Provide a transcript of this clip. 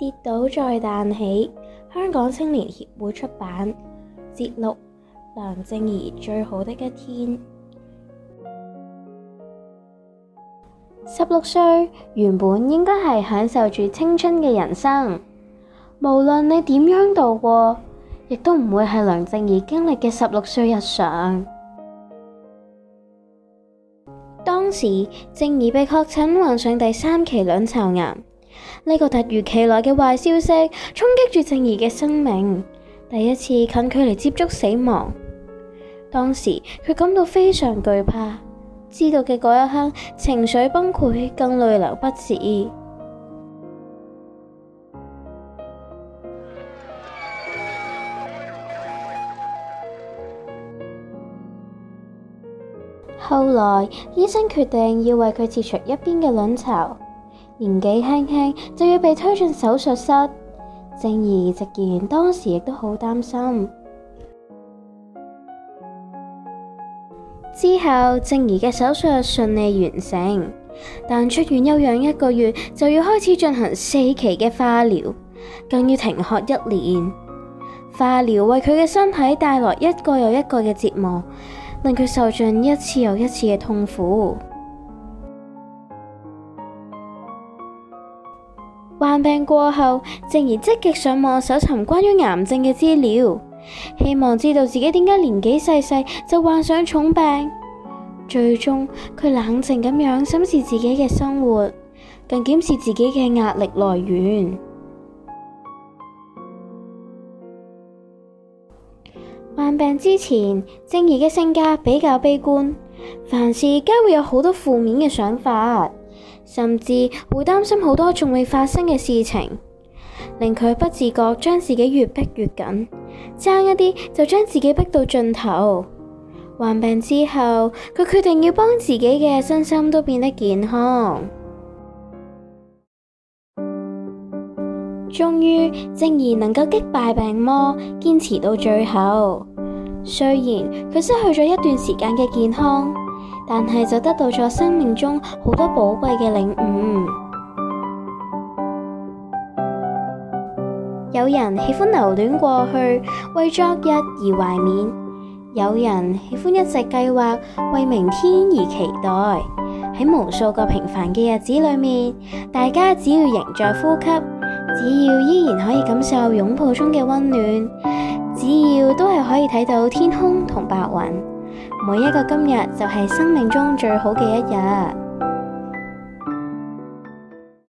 跌倒再彈起，香港青年協會出版。節錄梁靖怡最好的一天。十六歲，原本應該係享受住青春嘅人生。無論你點樣度過，亦都唔會係梁靖怡經歷嘅十六歲日常。當時，靖怡被確診患上第三期卵巢癌。呢個突如其來嘅壞消息衝擊住靜怡嘅生命，第一次近距離接觸死亡。當時佢感到非常懼怕，知道嘅嗰一刻，情緒崩潰，更淚流不止。後來醫生決定要為佢切除一邊嘅卵巢。年紀輕輕就要被推進手術室，靖怡直言當時亦都好擔心。之後，靖怡嘅手術順利完成，但出院休養一個月就要開始進行四期嘅化療，更要停學一年。化療為佢嘅身體帶來一個又一個嘅折磨，令佢受盡一次又一次嘅痛苦。.患病過後，靜怡積極上網搜尋關於癌症嘅資料，希望知道自己點解年紀細細就患上重病。最終，佢冷靜咁樣審視自己嘅生活，更檢視自己嘅壓力來源。患病之前，靜怡嘅性格比較悲觀，凡事皆會有好多負面嘅想法。甚至會擔心好多仲未發生嘅事情，令佢不自覺將自己越逼越緊，爭一啲就將自己逼到盡頭。患病之後，佢決定要幫自己嘅身心都變得健康。終於，靖怡能夠擊敗病魔，堅持到最後。雖然佢失去咗一段時間嘅健康。但係就得到咗生命中好多寶貴嘅領悟。有人喜歡留戀過去，為昨日而懷緬；有人喜歡一直計劃，為明天而期待。喺無數個平凡嘅日子裏面，大家只要仍在呼吸，只要依然可以感受擁抱中嘅溫暖，只要都係可以睇到天空同白雲。每一個今日就係生命中最好嘅一日。